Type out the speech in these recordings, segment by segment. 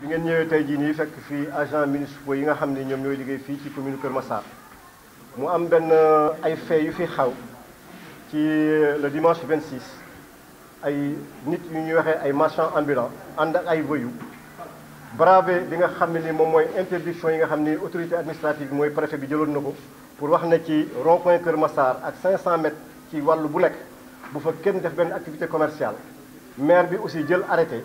bi ngeen ñëwee tey jii nii fekk fii agent municipaux yi nga xam ne ñoom ñooy liggéey fii ci commune Kër Massar mu am benn euh, ay fait yu fi xaw ci euh, le dimanche 26 ay nit yu ñuy waxee ay marchands ambulants ànd ak ay voyous bravé li nga xam ne ni moom mooy interdiction yi nga xam ni autorité administrative bi mooy préfet bi jëloon na ko pour wax na ci rond point Kër Massar ak 500 mètres ci wàllu bu nekk bu fa kenn def benn activité commerciale maire bi aussi jël arrêté.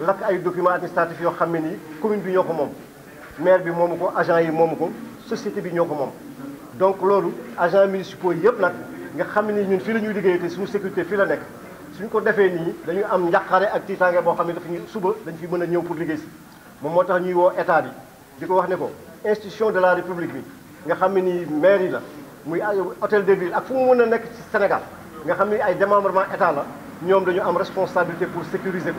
lak ay document administratif yoo xam ne nii commune bi ñoo ko moom maire bi moomu ko agent yi moomu ko société bi ñoo ko moom donc loolu agent municipaux yi yëpp nag nga xam ne ñun fii la ñuy liggéey suñu sécurité fii la nekk suñ ko defee nii dañuy am njàqare ak tiitaange boo xam ne dafa ñu suba dañ fi mën a ñëw pour liggéey si moom moo tax ñuy woo état bi di ko wax ne ko institution de la république bi nga xam ne nii maire yi la muy hôtel de ville ak fu mu mën a nekk ci Sénégal nga xam ne ay démembrement état la ñoom dañu am responsabilité pour sécuriser ko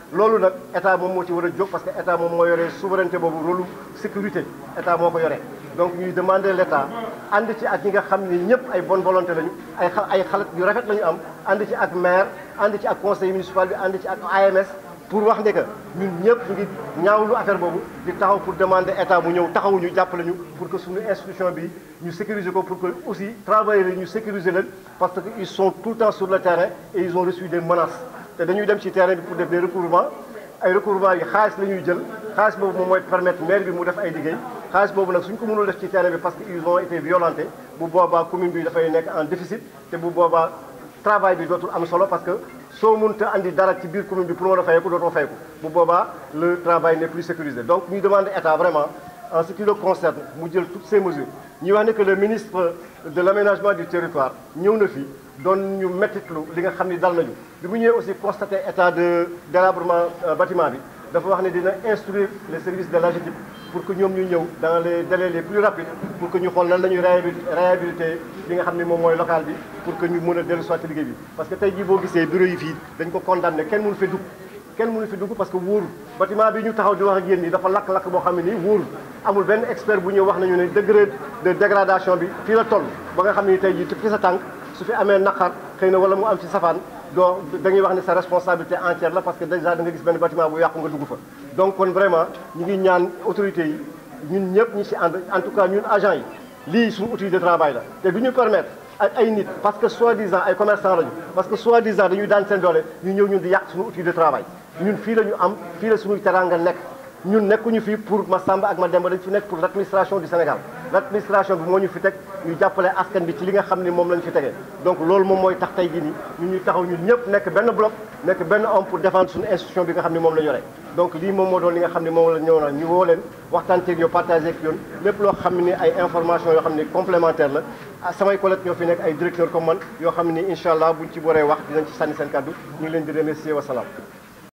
loolu nak état moom moo ci wara a parce que état moom mo yoré souveraineté bobu rôle sécurité état moko yoré donc ñuy demander l'état and ci ak ñi nga xam ne ñëpp ay bonne volonté lañu ay ay xalat yu rafet lañu am and ci ak maire and ci ak conseil municipal bi and ci ak AMS pour wax ne que ñun ñëpp ngi ñaawlu affaire bobu di taxaw pour demander état bu ñew taxaw ñu jàppale ñu pour que suñu institution bi ñu sécuriser ko pour que aussi travailler ñu sécuriser leen parce que ils sont tout le temps sur le terrain et ils ont reçu des menaces te dañuy dem ci terrain bi pour def des recouvrements ay recouvrements yi xaalis la ñuy jël xaalis boobu moom mooy permettre maire bi mu def ay liggéey xaalis boobu nag suñ ko mënul def ci terrain bi parce que ils ont été violentés bu boobaa commune bi dafay nekk en déficit te bu boobaa travail bi dootul am solo parce que soo mënta andi dara ci biir commune bi pour mën a fayeku dootoo fayeku bu boobaa le travail n'est plus sécurisé donc ñuy demande état vraiment en ce qui le concerne mu dis toutes ces mesures nous avons que le ministre de l'aménagement du territoire nous na fi donne ñu mettitlu li nga xam dans dal nañu bi mu aussi constaté l'état de délabrement euh, bâtiment bi dafa wax les services de l'agent pour que nous ñu dans les délais les plus rapides pour que nous xool la réhabilité li nga local pour que nous puissions a dellu de parce que tey jii boo gisee bureau yi fii dañ ko condamné que mënu fa kenn mënu fi dugg parce que wóorul bâtiment bi ñu taxaw di wax ak yéen ñi dafa lakk-lakk boo xam ne nii wóorul amul benn expert bu ñëw wax nañu ne degré de dégradation bi fii la toll ba nga xam ne tey jii ci sa tànk su fi amee naqar xëy na wala mu am ci safaan doo dañuy wax ne sa responsabilité entière la parce que déjà da nga gis benn bâtiment bu yàqu nga dugg fa donc kon vraiment ñu ngi ñaan autorités yi ñun ñëpp ñi si ànd en tout cas ñun agent yi lii suñu outil de travail la te ñu permettre ak ay nit parce que soi-disant ay commerçants, lañu parce que soi-disant dañuy dans seen doole ñu ñëw ñun di yàq suñu outil de travail ñun fii la am fii la suñuy teranga nekk ñun nekkuñu fii pour ma Samba ak ma Demba dañ fi nekk pour l'administration du Sénégal l'administration bi moo ñu fi teg ñu jàppale askan bi ci li nga xam ne lañu fi tegee donc loolu moom mooy tax tey jii nii ñun ñu taxaw ñun ñëpp nekk benn bloc nek ben homme pour défendre suñu institution bi nga xam ne moom la yore donc lii moom moo doon li nga xam ne moom la ñëw na ñu woo leen waxtaanteeg yow partagé ak yoon lépp loo xam ne ay information yoo xam ne la Ah, samay collègues ñoo fi nekk ay directeur comme man yoo xam ne incha allah buñ ci boree wax dinañ ci sànni seen kàddu ñu ngi leen di remercier wasalaam